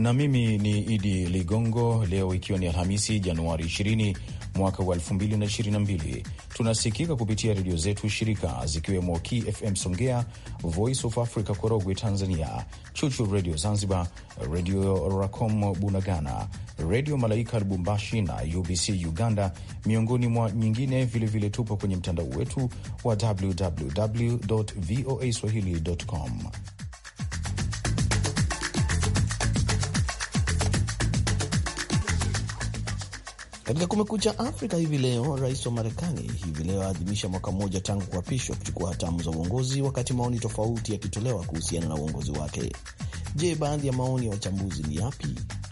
na mimi ni Idi Ligongo. Leo ikiwa ni Alhamisi, Januari 20 mwaka wa 2022, tunasikika kupitia redio zetu shirika zikiwemo KFM Songea, Voice of Africa Korogwe Tanzania, Chuchu Redio Zanzibar, Redio Racom Bunagana, Redio Malaika Lubumbashi na UBC Uganda, miongoni mwa nyingine. Vilevile tupo kwenye mtandao wetu wa www voa swahili com. Katika Kumekucha Afrika hivi leo, rais wa Marekani hivi leo aadhimisha mwaka mmoja tangu kuapishwa kuchukua hatamu za uongozi, wakati maoni tofauti yakitolewa kuhusiana na uongozi wake. Je, baadhi ya maoni ya wachambuzi ni yapi?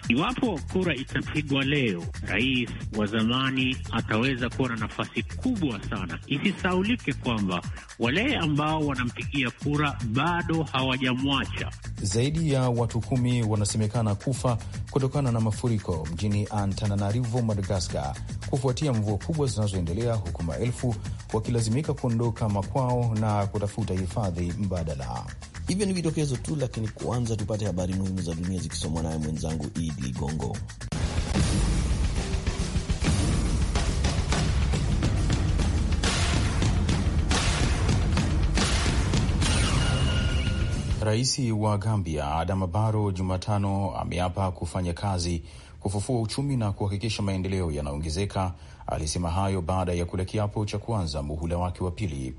Iwapo kura itapigwa leo, rais wa zamani ataweza kuwa na nafasi kubwa sana. Isisaulike kwamba wale ambao wanampigia kura bado hawajamwacha. Zaidi ya watu kumi wanasemekana kufa kutokana na mafuriko mjini Antananarivo, Madagaskar, kufuatia mvua kubwa zinazoendelea, huku maelfu wakilazimika kuondoka makwao na kutafuta hifadhi mbadala. Hivyo ni vidokezo tu, lakini kwanza tupate habari muhimu za dunia zikisomwa naye mwenzangu Idi Ligongo. Rais wa Gambia Adama Barrow Jumatano ameapa kufanya kazi kufufua uchumi na kuhakikisha maendeleo yanaongezeka. Alisema hayo baada ya kula kiapo cha kuanza muhula wake wa pili.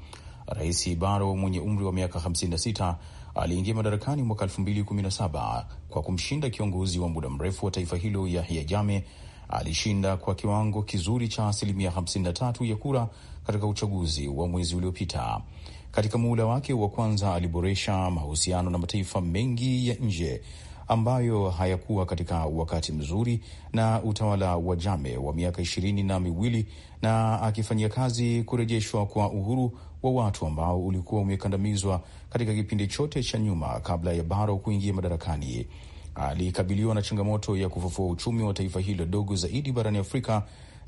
Rais Barrow mwenye umri wa miaka 56 aliingia madarakani mwaka 2017 kwa kumshinda kiongozi wa muda mrefu wa taifa hilo Yahya Jammeh. Alishinda kwa kiwango kizuri cha asilimia 53 ya kura katika uchaguzi wa mwezi uliopita. Katika muhula wake wa kwanza aliboresha mahusiano na mataifa mengi ya nje ambayo hayakuwa katika wakati mzuri na utawala wa Jame wa miaka ishirini na miwili na akifanyia kazi kurejeshwa kwa uhuru wa watu ambao ulikuwa umekandamizwa katika kipindi chote cha nyuma kabla ya Baro kuingia madarakani. Alikabiliwa na changamoto ya kufufua uchumi wa taifa hilo dogo zaidi barani Afrika.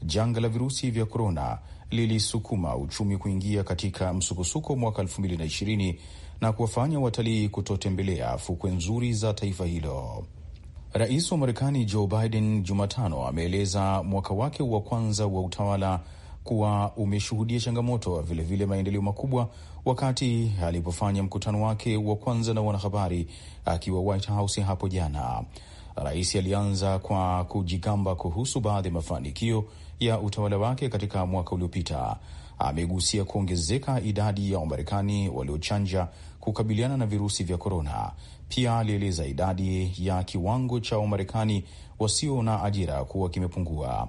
Janga la virusi vya korona lilisukuma uchumi kuingia katika msukosuko mwaka elfu mbili na ishirini na kuwafanya watalii kutotembelea fukwe nzuri za taifa hilo. Rais wa Marekani Joe Biden Jumatano ameeleza mwaka wake wa kwanza wa utawala kuwa umeshuhudia changamoto, vilevile maendeleo makubwa, wakati alipofanya mkutano wake wa kwanza na wanahabari akiwa White House hapo jana. Rais alianza kwa kujigamba kuhusu baadhi ya mafanikio ya utawala wake katika mwaka uliopita. Amegusia kuongezeka idadi ya Wamarekani waliochanja kukabiliana na virusi vya korona. Pia alieleza idadi ya kiwango cha Wamarekani wasio na ajira kuwa kimepungua.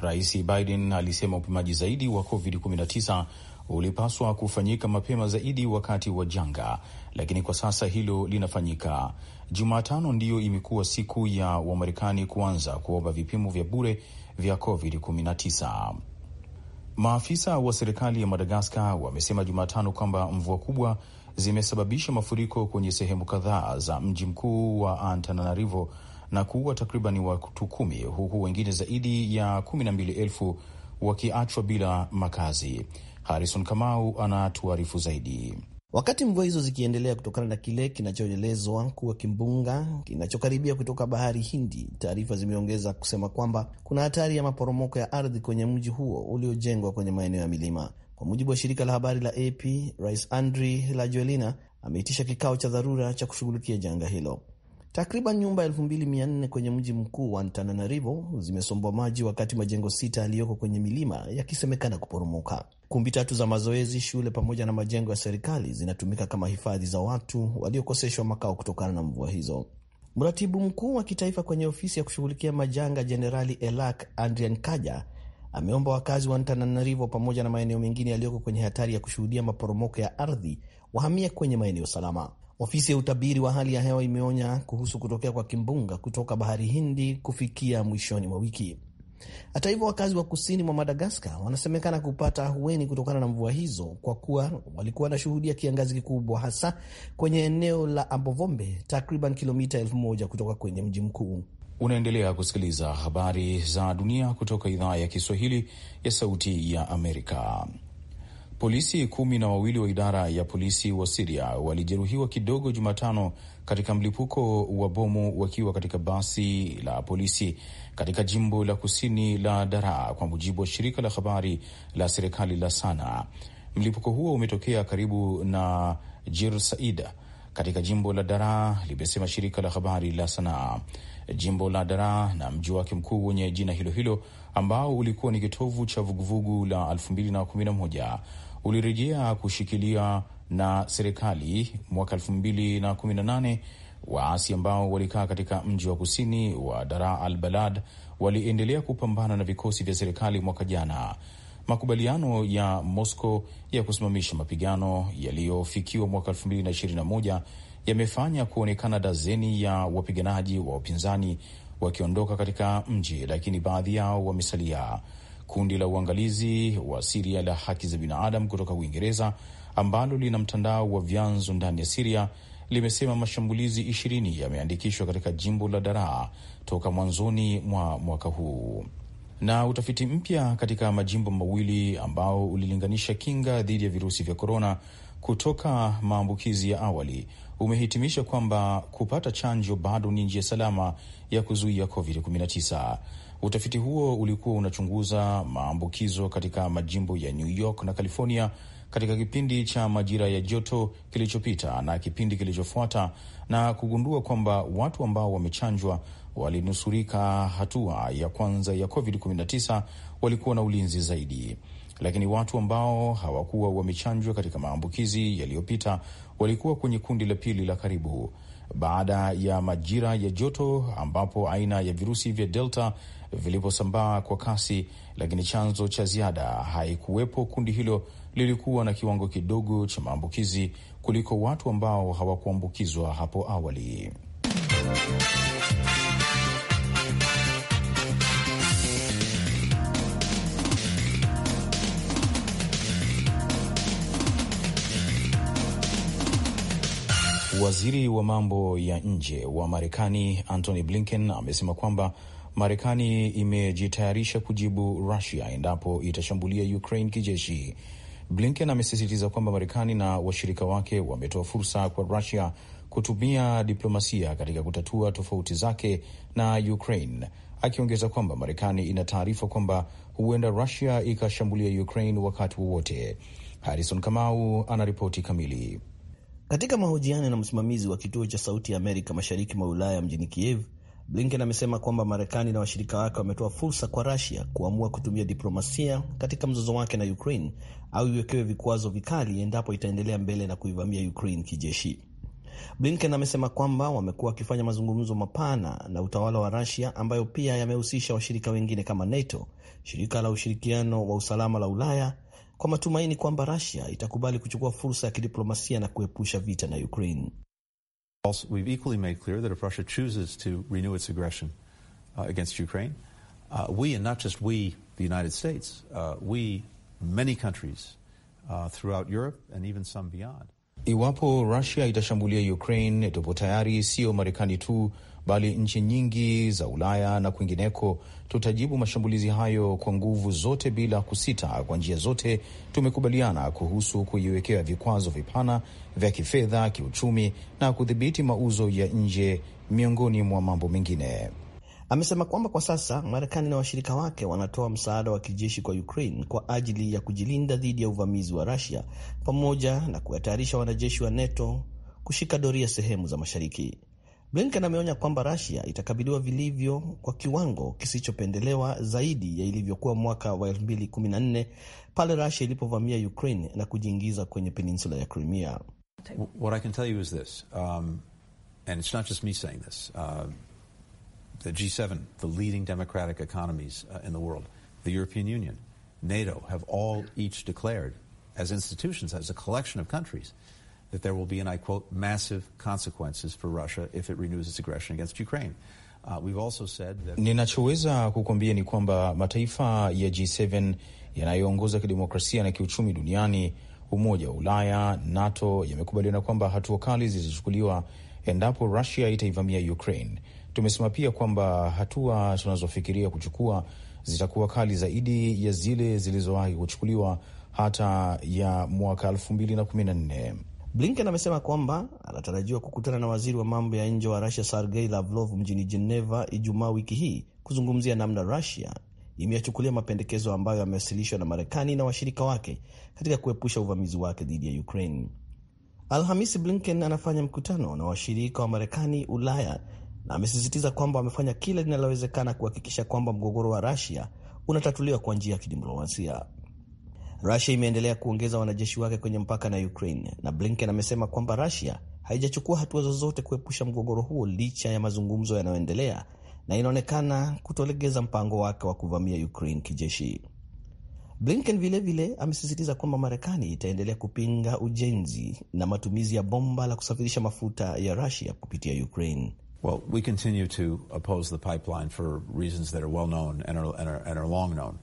Rais Biden alisema upimaji zaidi wa COVID-19 ulipaswa kufanyika mapema zaidi wakati wa janga, lakini kwa sasa hilo linafanyika. Jumatano ndiyo imekuwa siku ya Wamarekani kuanza kuomba vipimo vya bure vya COVID-19. Maafisa wa serikali ya Madagaskar wamesema Jumatano kwamba mvua kubwa zimesababisha mafuriko kwenye sehemu kadhaa za mji mkuu wa Antananarivo na kuua takriban watu kumi huku wengine zaidi ya kumi na mbili elfu wakiachwa bila makazi. Harison Kamau anatuarifu zaidi. Wakati mvua hizo zikiendelea kutokana na kile kinachoelezwa kuwa kimbunga kinachokaribia kutoka bahari Hindi, taarifa zimeongeza kusema kwamba kuna hatari ya maporomoko ya ardhi kwenye mji huo uliojengwa kwenye maeneo ya milima. Kwa mujibu wa shirika la habari la AP, Rais Andry Rajoelina ameitisha kikao cha dharura cha kushughulikia janga hilo. Takriban nyumba 2400 kwenye mji mkuu wa Antananarivo zimesombwa maji, wakati majengo sita yaliyoko kwenye milima yakisemekana kuporomoka. Kumbi tatu za mazoezi, shule pamoja na majengo ya serikali zinatumika kama hifadhi za watu waliokoseshwa makao kutokana na mvua hizo. Mratibu mkuu wa kitaifa kwenye ofisi ya kushughulikia majanga, Jenerali Elak Andrian Kaja ameomba wakazi wa Antananarivo pamoja na maeneo mengine yaliyoko kwenye hatari ya kushuhudia maporomoko ya ardhi wahamia kwenye maeneo salama. Ofisi ya utabiri wa hali ya hewa imeonya kuhusu kutokea kwa kimbunga kutoka bahari Hindi kufikia mwishoni mwa wiki. Hata hivyo, wakazi wa kusini mwa Madagaskar wanasemekana kupata ahueni kutokana na mvua hizo, kwa kuwa walikuwa wanashuhudia kiangazi kikubwa, hasa kwenye eneo la Ambovombe, takriban kilomita elfu moja kutoka kwenye mji mkuu. Unaendelea kusikiliza habari za dunia kutoka idhaa ya Kiswahili ya Sauti ya Amerika. Polisi kumi na wawili wa idara ya polisi wa Siria walijeruhiwa kidogo Jumatano katika mlipuko wa bomu wakiwa katika basi la polisi katika jimbo la kusini la Daraa, kwa mujibu wa shirika la habari la serikali la Sana. Mlipuko huo umetokea karibu na Jir Saida katika jimbo la Daraa, limesema shirika la habari la Sanaa jimbo la dara na mji wake mkuu wenye jina hilo hilo ambao ulikuwa ni kitovu cha vuguvugu la 2011 ulirejea kushikilia na serikali mwaka 2018. Waasi ambao walikaa katika mji wa kusini wa Daraa al Balad waliendelea kupambana na vikosi vya serikali mwaka jana. Makubaliano ya Moscow ya kusimamisha mapigano yaliyofikiwa mwaka 2021 yamefanya kuonekana dazeni ya wapiganaji wa upinzani wakiondoka katika mji, lakini baadhi yao wamesalia. Kundi la uangalizi wa Siria la haki za binadamu kutoka Uingereza ambalo lina mtandao wa vyanzo ndani ya Siria limesema mashambulizi ishirini yameandikishwa katika jimbo la Daraa toka mwanzoni mwa mwaka huu. Na utafiti mpya katika majimbo mawili ambao ulilinganisha kinga dhidi ya virusi vya korona kutoka maambukizi ya awali umehitimisha kwamba kupata chanjo bado ni njia salama ya kuzuia COVID-19. Utafiti huo ulikuwa unachunguza maambukizo katika majimbo ya New York na California katika kipindi cha majira ya joto kilichopita na kipindi kilichofuata na kugundua kwamba watu ambao wamechanjwa walinusurika hatua ya kwanza ya COVID-19 walikuwa na ulinzi zaidi lakini watu ambao hawakuwa wamechanjwa katika maambukizi yaliyopita walikuwa kwenye kundi la pili la karibu. Baada ya majira ya joto ambapo aina ya virusi vya Delta viliposambaa kwa kasi, lakini chanzo cha ziada haikuwepo. Kundi hilo lilikuwa na kiwango kidogo cha maambukizi kuliko watu ambao hawakuambukizwa hapo awali. Waziri wa mambo ya nje wa Marekani Antony Blinken amesema kwamba Marekani imejitayarisha kujibu Rusia endapo itashambulia Ukraine kijeshi. Blinken amesisitiza kwamba Marekani na washirika wake wametoa fursa kwa Rusia kutumia diplomasia katika kutatua tofauti zake na Ukraine, akiongeza kwamba Marekani ina taarifa kwamba huenda Rusia ikashambulia Ukraine wakati wowote. Harrison Kamau anaripoti kamili. Katika mahojiano na msimamizi wa kituo cha Sauti ya Amerika mashariki mwa Ulaya mjini Kiev, Blinken amesema kwamba Marekani na washirika wake wametoa fursa kwa Rusia kuamua kutumia diplomasia katika mzozo wake na Ukraine au iwekewe vikwazo vikali endapo itaendelea mbele na kuivamia Ukraine kijeshi. Blinken amesema kwamba wamekuwa wakifanya mazungumzo mapana na utawala wa Rusia ambayo pia yamehusisha washirika wengine kama NATO, shirika la ushirikiano wa usalama la Ulaya kwa matumaini kwamba Russia itakubali kuchukua fursa ya kidiplomasia na kuepusha vita na Ukraine. Also, we've equally made clear that if Russia chooses to renew its aggression uh, against Ukraine, uh, we and not just we, the United States, uh, we, many countries uh, throughout Europe and even some beyond Iwapo Rusia itashambulia Ukraine, tupo tayari, sio Marekani tu bali nchi nyingi za Ulaya na kwingineko. Tutajibu mashambulizi hayo kwa nguvu zote bila kusita. Kwa njia zote tumekubaliana kuhusu kuiwekea vikwazo vipana vya kifedha, kiuchumi na kudhibiti mauzo ya nje, miongoni mwa mambo mengine. Amesema kwamba kwa sasa Marekani na washirika wake wanatoa msaada wa kijeshi kwa Ukraine kwa ajili ya kujilinda dhidi ya uvamizi wa Rusia pamoja na kuhatarisha wanajeshi wa NATO kushika doria sehemu za mashariki. Blinken ameonya kwamba Rusia itakabiliwa vilivyo kwa kiwango kisichopendelewa zaidi ya ilivyokuwa mwaka wa 2014 pale Rusia ilipovamia Ukraine na kujiingiza kwenye peninsula ya Crimea. What I can tell you is this, um, and it's not just me saying this, uh, the G7, the leading democratic economies uh, in the world, the European Union, NATO have all each declared as institutions, as a collection of countries, that there will be, and I quote, massive consequences for Russia if it renews its aggression against Ukraine. Uh, we've also said that... Ninachoweza kukwambia ni kwamba mataifa ya G7 yanayoongoza kidemokrasia na kiuchumi duniani, Umoja wa Ulaya, NATO, yamekubaliana kwamba hatua kali zitachukuliwa endapo Russia itaivamia Ukraine. Tumesema pia kwamba hatua tunazofikiria kuchukua zitakuwa kali zaidi ya zile zilizowahi kuchukuliwa hata ya mwaka nne. Blinken amesema kwamba anatarajiwa kukutana na waziri wa mambo ya nje wa Rusia Sergei Lavrov mjini Geneva Ijumaa wiki hii kuzungumzia namna Rusia imeyachukulia mapendekezo ambayo yamewasilishwa na Marekani na washirika wake katika kuepusha uvamizi wake dhidi ya Ukraine. Alhamisi, Blinken anafanya mkutano na washirika wa Marekani, Ulaya na amesisitiza kwamba wamefanya kila linalowezekana kuhakikisha kwamba mgogoro wa rasia unatatuliwa kwa njia ya kidiplomasia. Rusia imeendelea kuongeza wanajeshi wake kwenye mpaka na Ukraine na Blinken amesema kwamba Rusia haijachukua hatua zozote kuepusha mgogoro huo licha ya mazungumzo yanayoendelea na inaonekana kutolegeza mpango wake wa kuvamia Ukraine kijeshi. Blinken vilevile amesisitiza kwamba Marekani itaendelea kupinga ujenzi na matumizi ya bomba la kusafirisha mafuta ya Rusia kupitia Ukraine. Well, we continue to oppose the pipeline for reasons that are well known and are long known.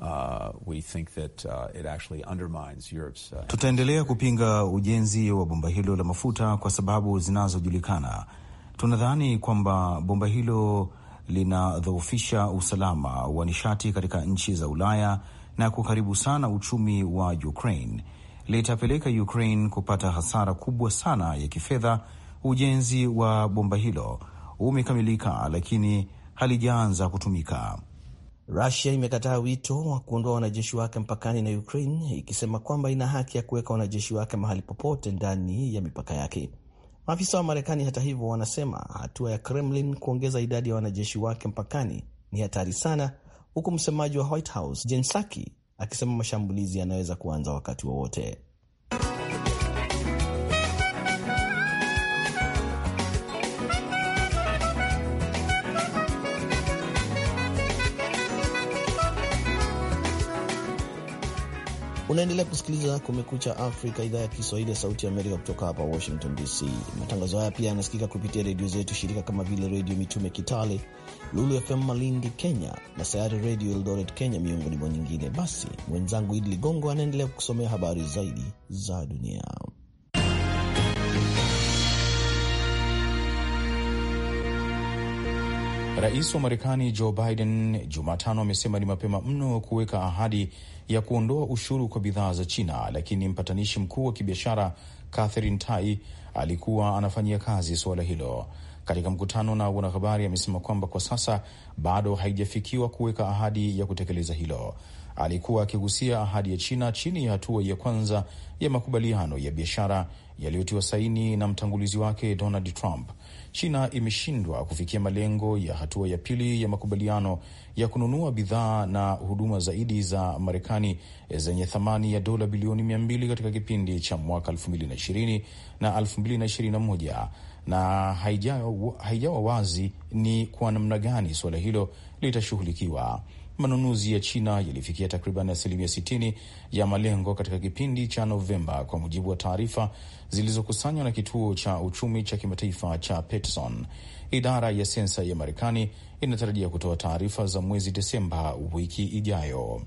Uh, we think that uh, it actually undermines Europe's. Uh, Tutaendelea kupinga ujenzi wa bomba hilo la mafuta kwa sababu zinazojulikana. Tunadhani kwamba bomba hilo linadhoofisha usalama wa nishati katika nchi za Ulaya na kuharibu sana uchumi wa Ukraine. Litapeleka Ukraine kupata hasara kubwa sana ya kifedha Ujenzi wa bomba hilo umekamilika, lakini halijaanza kutumika. Rusia imekataa wito wa kuondoa wanajeshi wake mpakani na Ukraine, ikisema kwamba ina haki ya kuweka wanajeshi wake mahali popote ndani ya mipaka yake. Maafisa wa Marekani hata hivyo, wanasema hatua ya Kremlin kuongeza idadi ya wanajeshi wake mpakani ni hatari sana, huku msemaji wa White House Jen Psaki akisema mashambulizi yanaweza kuanza wakati wowote wa Unaendelea kusikiliza Kumekucha Afrika, idhaa ya Kiswahili ya Sauti ya Amerika kutoka hapa Washington DC. Matangazo haya pia yanasikika kupitia redio zetu shirika kama vile Redio Mitume Kitale, Lulu FM Malindi Kenya na Sayari Redio Eldoret Kenya, miongoni mwa nyingine. Basi mwenzangu Idi Ligongo anaendelea kusomea habari zaidi za dunia. Rais wa Marekani Joe Biden Jumatano amesema ni mapema mno kuweka ahadi ya kuondoa ushuru kwa bidhaa za China, lakini mpatanishi mkuu wa kibiashara Catherine Tai alikuwa anafanyia kazi suala hilo. Katika mkutano na wanahabari, amesema kwamba kwa sasa bado haijafikiwa kuweka ahadi ya kutekeleza hilo. Alikuwa akigusia ahadi ya China chini ya hatua ya kwanza ya makubaliano ya biashara yaliyotiwa saini na mtangulizi wake Donald Trump, China imeshindwa kufikia malengo ya hatua ya pili ya makubaliano ya kununua bidhaa na huduma zaidi za Marekani eh, zenye thamani ya dola bilioni 2 katika kipindi cha mwaka 2020 na 221 na haijawa wazi ni kwa namna gani suala hilo litashughulikiwa. Manunuzi ya China yalifikia takriban asilimia 60 ya malengo katika kipindi cha Novemba, kwa mujibu wa taarifa zilizokusanywa na kituo cha uchumi cha kimataifa cha Peterson. Idara ya sensa ya Marekani inatarajia kutoa taarifa za mwezi Desemba wiki ijayo.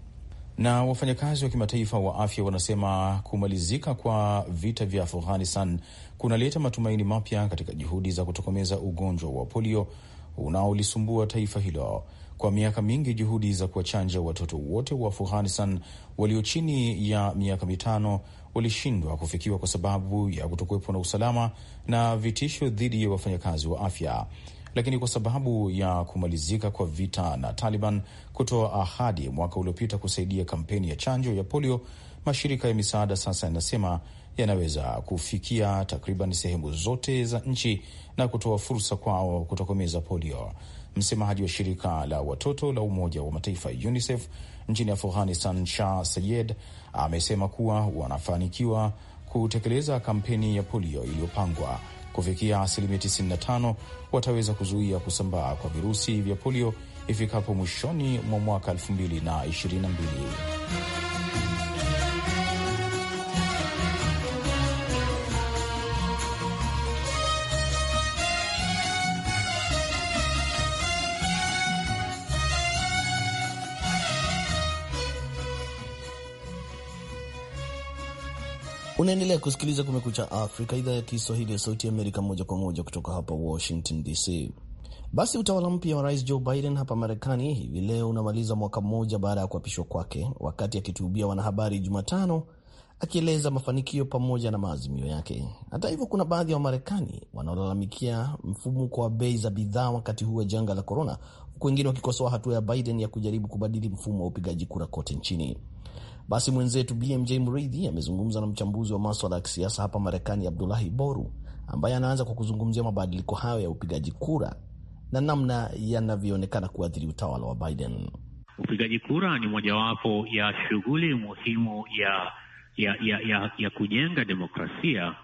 Na wafanyakazi wa kimataifa wa afya wanasema kumalizika kwa vita vya Afghanistan kunaleta matumaini mapya katika juhudi za kutokomeza ugonjwa wa polio unaolisumbua taifa hilo kwa miaka mingi. Juhudi za kuwachanja watoto wote wa Afghanistan walio chini ya miaka mitano walishindwa kufikiwa kwa sababu ya kutokuwepo na usalama na vitisho dhidi ya wafanyakazi wa afya. Lakini kwa sababu ya kumalizika kwa vita na Taliban kutoa ahadi mwaka uliopita kusaidia kampeni ya chanjo ya polio, mashirika ya misaada sasa yanasema yanaweza kufikia takriban sehemu zote za nchi na kutoa fursa kwao kutokomeza polio. Msemaji wa shirika la watoto la Umoja wa Mataifa UNICEF nchini Afghanistan, Shah Sayed amesema kuwa wanafanikiwa kutekeleza kampeni ya polio iliyopangwa kufikia asilimia 95 wataweza kuzuia kusambaa kwa virusi vya polio ifikapo mwishoni mwa mwaka 2022. Unaendelea kusikiliza Kumekucha Afrika, idhaa ya Kiswahili ya Sauti ya Amerika, moja kwa moja kutoka hapa Washington DC. Basi utawala mpya wa rais Joe Biden hapa Marekani hivi leo unamaliza mwaka mmoja baada ya kuapishwa kwake, wakati akitubia wanahabari Jumatano akieleza mafanikio pamoja na maazimio yake. Hata hivyo, kuna baadhi ya wa Wamarekani wanaolalamikia mfumuko wa bei za bidhaa wakati huu wa janga la korona, huku wengine wakikosoa hatua ya Biden ya kujaribu kubadili mfumo wa upigaji kura kote nchini. Basi mwenzetu BMJ Mridhi amezungumza na mchambuzi wa maswala ya kisiasa hapa Marekani, Abdulahi Boru, ambaye anaanza kwa kuzungumzia mabadiliko hayo ya upigaji kura na namna yanavyoonekana kuathiri utawala wa Biden. Upigaji kura ni mojawapo ya shughuli muhimu ya ya, ya, ya, ya kujenga demokrasia.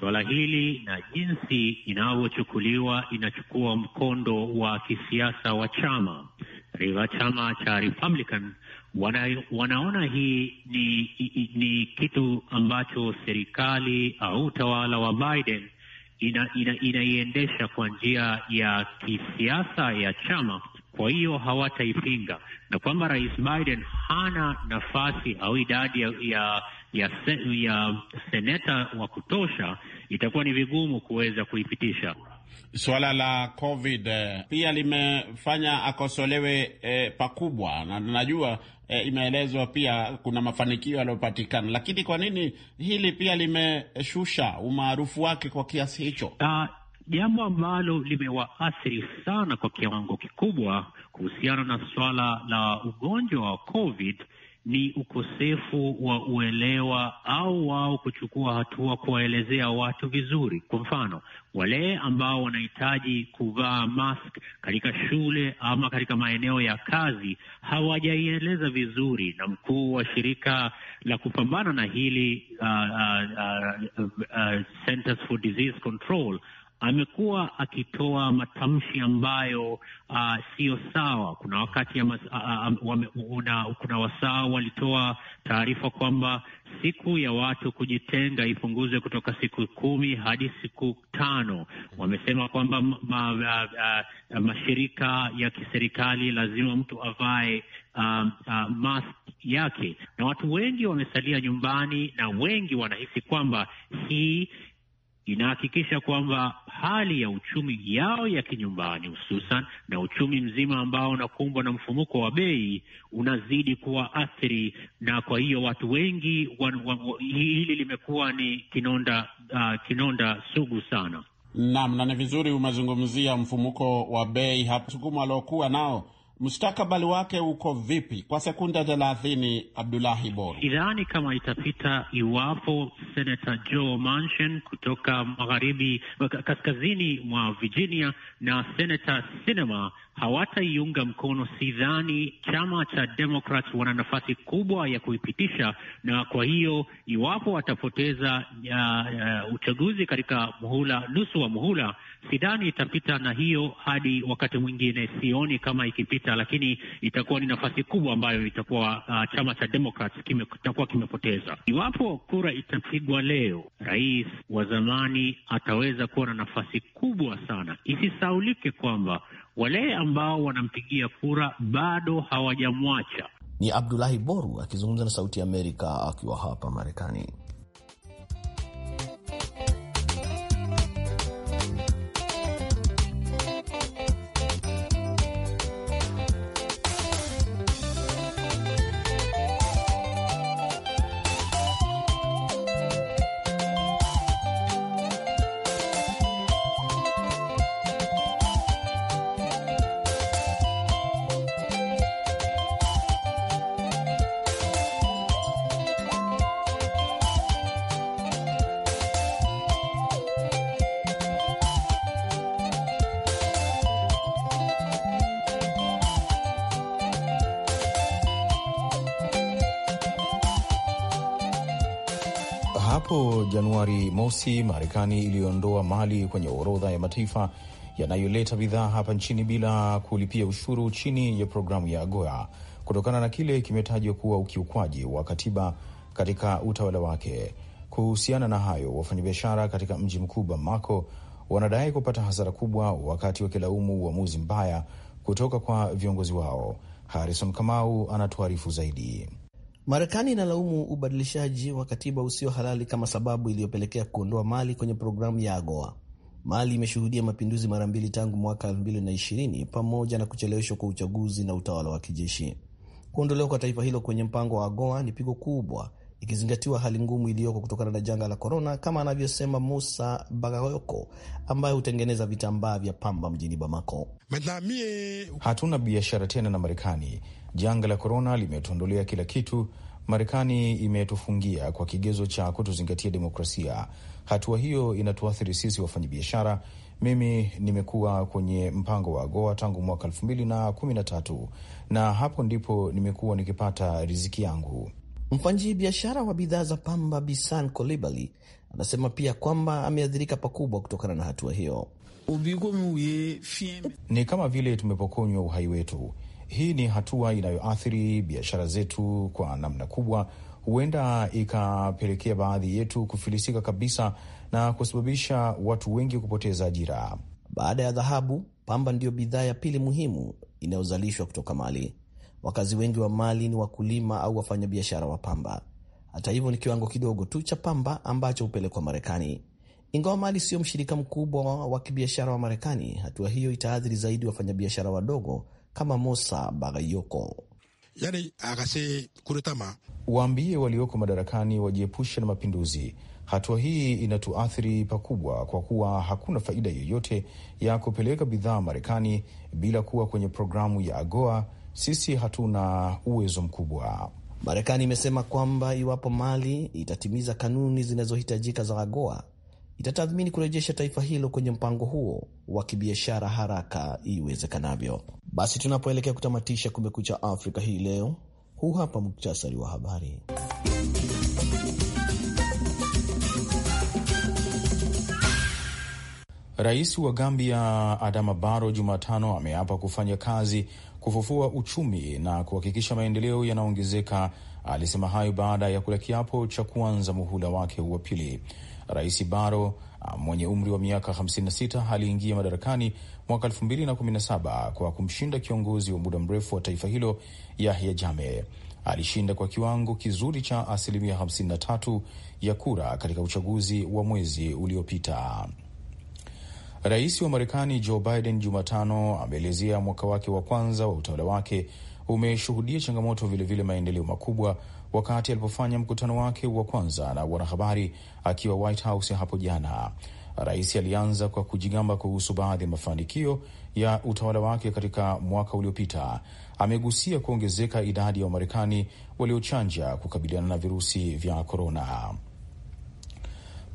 Suala hili na jinsi inavyochukuliwa inachukua mkondo wa kisiasa wa chama. chama cha Republican wana, wanaona hii ni, ni, ni kitu ambacho serikali au utawala wa Biden inaiendesha ina, ina kwa njia ya kisiasa ya chama. Kwa hiyo hawataipinga na kwamba Rais Biden hana nafasi au idadi ya, ya, ya, ya seneta wa kutosha, itakuwa ni vigumu kuweza kuipitisha. Suala la COVID eh, pia limefanya akosolewe eh, pakubwa, na najua e, imeelezwa pia kuna mafanikio yaliyopatikana, lakini kwa nini hili pia limeshusha umaarufu wake kwa kiasi hicho? Uh, jambo ambalo limewaathiri sana kwa kiwango kikubwa kuhusiana na suala la ugonjwa wa COVID ni ukosefu wa uelewa au wao kuchukua hatua kuwaelezea watu vizuri. Kwa mfano, wale ambao wanahitaji kuvaa mask katika shule ama katika maeneo ya kazi hawajaieleza vizuri, na mkuu wa shirika la kupambana na hili uh, uh, uh, uh, Centers for Disease Control amekuwa akitoa matamshi ambayo uh, siyo sawa. Kuna wakati ya mas, uh, um, una, kuna wasaa walitoa taarifa kwamba siku ya watu kujitenga ipunguzwe kutoka siku kumi hadi siku tano. Wamesema kwamba ma, ma, ma, ma, mashirika ya kiserikali lazima mtu avae uh, uh, mask yake, na watu wengi wamesalia nyumbani na wengi wanahisi kwamba hii inahakikisha kwamba hali ya uchumi yao ya kinyumbani hususan na uchumi mzima ambao unakumbwa na mfumuko wa bei unazidi kuwa athiri, na kwa hiyo watu wengi wan, wan, hili limekuwa ni kinonda uh, kinonda sugu sana. Naam, na ni vizuri umezungumzia mfumuko wa bei hapo, msukumo aliokuwa nao mustakabali wake uko vipi? Kwa sekunde thelathini, Abdulahi Boru. Irani kama itapita, iwapo senata Joe Manchin kutoka magharibi kaskazini mwa Virginia na senata Sinema hawataiunga mkono, sidhani chama cha Demokrat wana nafasi kubwa ya kuipitisha. Na kwa hiyo iwapo watapoteza uh, uh, uchaguzi katika muhula, nusu wa muhula sidhani itapita na hiyo hadi wakati mwingine, sioni kama ikipita, lakini itakuwa ni nafasi kubwa ambayo itakuwa uh, chama cha Democrats kime, itakuwa kimepoteza. Iwapo kura itapigwa leo, rais wa zamani ataweza kuwa na nafasi kubwa sana. Isisaulike kwamba wale ambao wanampigia kura bado hawajamwacha. Ni Abdulahi Boru akizungumza na Sauti ya Amerika akiwa hapa Marekani. Hapo Januari mosi, Marekani iliondoa Mali kwenye orodha ya mataifa yanayoleta bidhaa hapa nchini bila kulipia ushuru chini ya programu ya AGOA kutokana na kile kimetajwa kuwa ukiukwaji wa katiba katika utawala wake. Kuhusiana na hayo, wafanyabiashara katika mji mkuu Bamako wanadai kupata hasara kubwa, wakati wakilaumu uamuzi mbaya kutoka kwa viongozi wao. Harrison Kamau anatuarifu zaidi. Marekani inalaumu ubadilishaji wa katiba usio halali kama sababu iliyopelekea kuondoa Mali kwenye programu ya AGOA. Mali imeshuhudia mapinduzi mara mbili tangu mwaka 2020 pamoja na kucheleweshwa kwa uchaguzi na utawala wa kijeshi. Kuondolewa kwa taifa hilo kwenye mpango wa AGOA ni pigo kubwa, ikizingatiwa hali ngumu iliyoko kutokana na janga la korona, kama anavyosema Musa Bagayoko ambaye hutengeneza vitambaa vya pamba mjini Bamako. Hatuna biashara tena na Marekani Janga la korona limetuondolea kila kitu. Marekani imetufungia kwa kigezo cha kutozingatia demokrasia. Hatua hiyo inatuathiri sisi wafanyabiashara. Mimi nimekuwa kwenye mpango wa AGOA tangu mwaka elfu mbili na kumi na tatu na hapo ndipo nimekuwa nikipata riziki yangu. Mfanyi biashara wa bidhaa za pamba Bisan Kolibali anasema pia kwamba ameathirika pakubwa kutokana na hatua hiyo. Ni kama vile tumepokonywa uhai wetu hii ni hatua inayoathiri biashara zetu kwa namna kubwa, huenda ikapelekea baadhi yetu kufilisika kabisa na kusababisha watu wengi kupoteza ajira. Baada ya dhahabu, pamba ndiyo bidhaa ya pili muhimu inayozalishwa kutoka Mali. Wakazi wengi wa Mali ni wakulima au wafanyabiashara wa pamba. Hata hivyo, ni kiwango kidogo tu cha pamba ambacho hupelekwa Marekani. Ingawa Mali siyo mshirika mkubwa wa kibiashara wa Marekani, hatua hiyo itaathiri zaidi wafanyabiashara wadogo kama Musa Bagayoko. Yani, akase kuretama, waambie walioko madarakani wajiepushe na mapinduzi. Hatua hii inatuathiri pakubwa, kwa kuwa hakuna faida yoyote ya kupeleka bidhaa Marekani bila kuwa kwenye programu ya AGOA. Sisi hatuna uwezo mkubwa. Marekani imesema kwamba iwapo Mali itatimiza kanuni zinazohitajika za AGOA, itatathmini kurejesha taifa hilo kwenye mpango huo wa kibiashara haraka iwezekanavyo. Basi tunapoelekea kutamatisha Kumekucha Afrika hii leo, huu hapa muktasari wa habari. Rais wa Gambia Adama Barrow Jumatano ameapa kufanya kazi kufufua uchumi na kuhakikisha maendeleo yanaongezeka. Alisema hayo baada ya kula kiapo cha kuanza muhula wake wa pili. Rais Baro ah, mwenye umri wa miaka 56 aliingia madarakani mwaka 2017 kwa kumshinda kiongozi wa muda mrefu wa taifa hilo Yahya Jammeh. Alishinda kwa kiwango kizuri cha asilimia 53 ya kura katika uchaguzi wa mwezi uliopita. Rais wa Marekani Joe Biden Jumatano ameelezea mwaka wake wa kwanza wa utawala wake umeshuhudia changamoto, vilevile maendeleo makubwa wakati alipofanya mkutano wake wa kwanza na wanahabari akiwa White House hapo jana. Rais alianza kwa kujigamba kuhusu baadhi ya mafanikio ya utawala wake katika mwaka uliopita. Amegusia kuongezeka idadi ya Wamarekani waliochanja kukabiliana na virusi vya korona.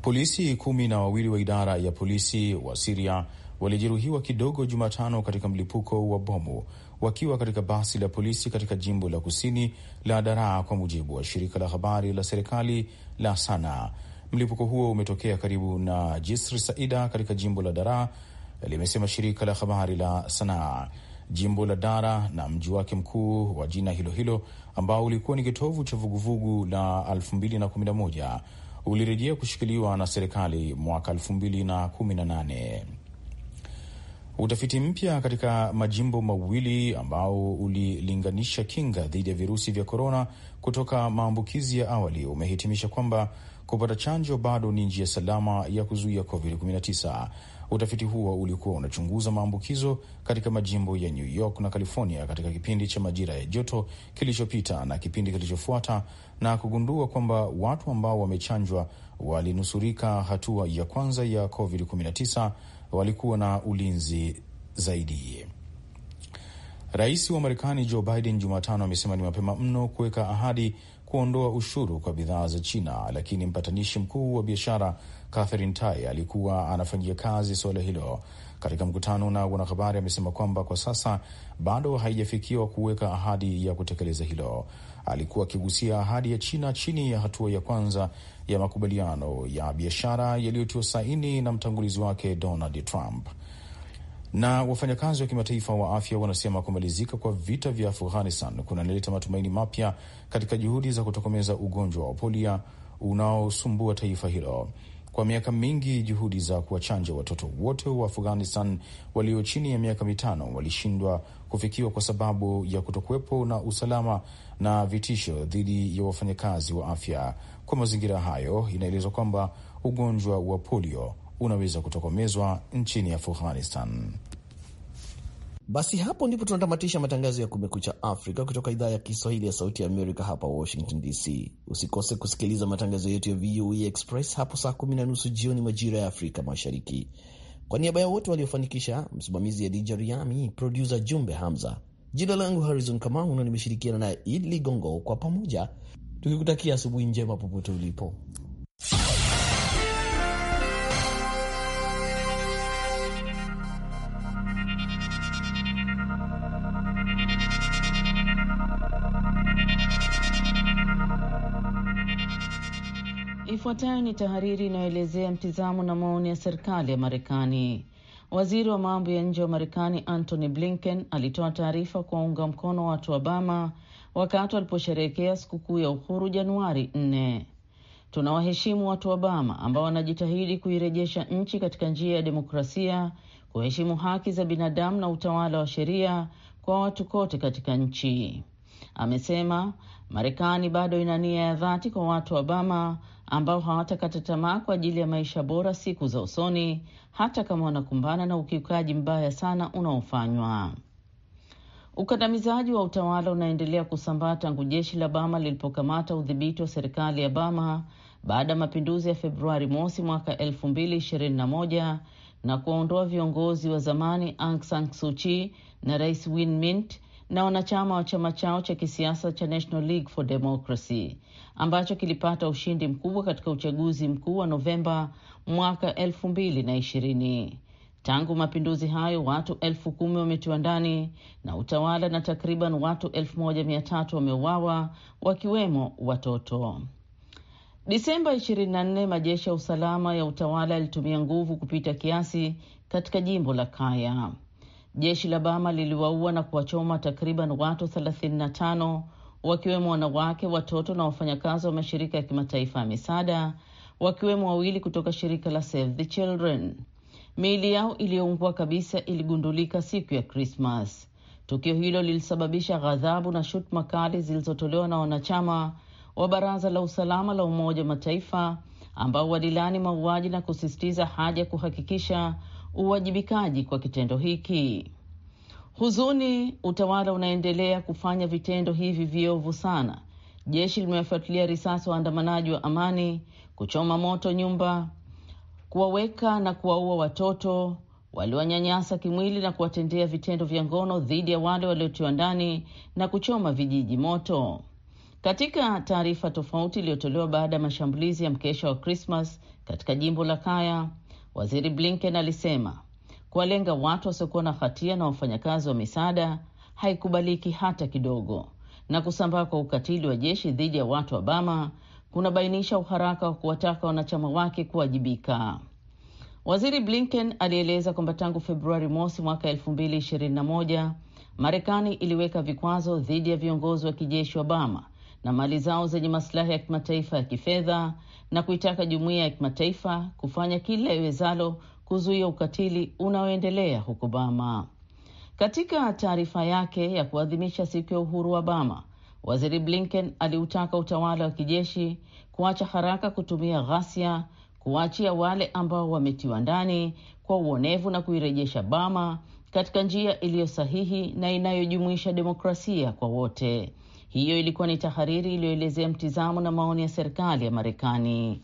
Polisi kumi na wawili wa idara ya polisi wa Siria walijeruhiwa kidogo Jumatano katika mlipuko wa bomu wakiwa katika basi la polisi katika jimbo la kusini la Daraa, kwa mujibu wa shirika la habari la serikali la Sana. Mlipuko huo umetokea karibu na Jisr Saida katika jimbo la Daraa, limesema shirika la habari la Sanaa. Jimbo la Dara na mji wake mkuu wa jina hilo hilo ambao ulikuwa ni kitovu cha vuguvugu la 2011 ulirejea kushikiliwa na serikali mwaka 2018. Utafiti mpya katika majimbo mawili ambao ulilinganisha kinga dhidi ya virusi vya korona kutoka maambukizi ya awali umehitimisha kwamba kupata chanjo bado ni njia salama ya kuzuia COVID-19. Utafiti huo ulikuwa unachunguza maambukizo katika majimbo ya New York na California katika kipindi cha majira ya joto kilichopita na kipindi kilichofuata na kugundua kwamba watu ambao wamechanjwa walinusurika hatua ya kwanza ya COVID-19 walikuwa na ulinzi zaidi. Rais wa Marekani Joe Biden Jumatano amesema ni mapema mno kuweka ahadi kuondoa ushuru kwa bidhaa za China, lakini mpatanishi mkuu wa biashara Catherine Tai alikuwa anafanyia kazi suala hilo. Katika mkutano na wanahabari, amesema kwamba kwa sasa bado haijafikiwa kuweka ahadi ya kutekeleza hilo. Alikuwa akigusia ahadi ya China chini ya hatua ya kwanza ya makubaliano ya biashara yaliyotiwa saini na mtangulizi wake Donald Trump. Na wafanyakazi wa kimataifa wa afya wanasema kumalizika kwa vita vya Afghanistan kunaleta matumaini mapya katika juhudi za kutokomeza ugonjwa wa polia unaosumbua taifa hilo kwa miaka mingi. Juhudi za kuwachanja watoto wote wa Afghanistan walio chini ya miaka mitano walishindwa kufikiwa kwa sababu ya kutokuwepo na usalama na vitisho dhidi ya wafanyakazi wa afya. Kwa mazingira hayo, inaelezwa kwamba ugonjwa wa polio unaweza kutokomezwa nchini Afghanistan. Basi hapo ndipo tunatamatisha matangazo ya Kumekucha Afrika kutoka idhaa ya Kiswahili ya Sauti ya Amerika hapa Washington DC. Usikose kusikiliza matangazo yetu ya VOA e Express hapo saa kumi na nusu jioni majira ya Afrika Mashariki. Kwa niaba ya wote waliofanikisha, msimamizi ya Dija Riami, produsa Jumbe Hamza, jina langu Harrison Kamau na nimeshirikiana naye Idli Gongo, kwa pamoja tukikutakia asubuhi njema popote ulipo. Ifuatayo ni tahariri inayoelezea mtizamo na maoni ya serikali ya Marekani. Waziri wa mambo ya nje wa Marekani Antony Blinken alitoa taarifa kuwaunga mkono watu wa Obama wakati waliposherehekea sikukuu ya uhuru Januari 4. Tunawaheshimu watu wa Bama ambao wanajitahidi kuirejesha nchi katika njia ya demokrasia, kuheshimu haki za binadamu na utawala wa sheria kwa watu kote katika nchi, amesema. Marekani bado ina nia ya dhati kwa watu wa Bama ambao hawatakata tamaa kwa ajili ya maisha bora siku za usoni, hata kama wanakumbana na ukiukaji mbaya sana unaofanywa. Ukandamizaji wa utawala unaendelea kusambaa tangu jeshi la Bama lilipokamata udhibiti wa serikali ya Bama baada ya mapinduzi ya Februari mosi mwaka 2021 na kuwaondoa viongozi wa zamani Aung San Suu Kyi na Rais Win Myint na wanachama wa chama chao cha kisiasa cha National League for Democracy ambacho kilipata ushindi mkubwa katika uchaguzi mkuu wa Novemba mwaka 220 Tangu mapinduzi hayo watu elfu kumi wametiwa ndani na utawala na takriban watu elfu moja mia tatu wameuawa wakiwemo watoto. Disemba 24 majeshi ya usalama ya utawala yalitumia nguvu kupita kiasi katika jimbo la Kaya. Jeshi la Bama liliwaua na kuwachoma takriban watu 35 wakiwemo wanawake, watoto na wafanyakazi wa mashirika ya kimataifa ya misaada, wakiwemo wawili kutoka shirika la Save the Children. Miili yao iliyoungua kabisa iligundulika siku ya Krismas. Tukio hilo lilisababisha ghadhabu na shutuma kali zilizotolewa na wanachama wa Baraza la Usalama la Umoja wa Mataifa ambao walilani mauaji na kusisitiza haja ya kuhakikisha uwajibikaji kwa kitendo hiki. Huzuni, utawala unaendelea kufanya vitendo hivi viovu sana. Jeshi limewafuatilia risasi waandamanaji wa amani, kuchoma moto nyumba, kuwaweka na kuwaua watoto, waliwanyanyasa kimwili na kuwatendea vitendo vya ngono dhidi ya wale waliotiwa ndani na kuchoma vijiji moto. Katika taarifa tofauti iliyotolewa baada ya mashambulizi ya mkesha wa Krismas katika jimbo la Kaya, waziri Blinken alisema kuwalenga watu wasiokuwa na hatia na wafanyakazi wa misaada haikubaliki hata kidogo, na kusambaa kwa ukatili wa jeshi dhidi ya watu wa Bama kunabainisha uharaka wa kuwataka wanachama wake kuwajibika. Waziri Blinken alieleza kwamba tangu Februari mosi mwaka 2021 Marekani iliweka vikwazo dhidi ya viongozi wa kijeshi wa Bama na mali zao zenye masilahi ya kimataifa ya kifedha na kuitaka jumuiya ya kimataifa kufanya kila iwezalo kuzuia ukatili unaoendelea huko Bama. Katika taarifa yake ya kuadhimisha siku ya uhuru wa Bama, Waziri Blinken aliutaka utawala wa kijeshi kuacha haraka kutumia ghasia, kuwaachia wale ambao wametiwa ndani kwa uonevu na kuirejesha Bama katika njia iliyo sahihi na inayojumuisha demokrasia kwa wote. Hiyo ilikuwa ni tahariri iliyoelezea mtizamo na maoni ya serikali ya Marekani.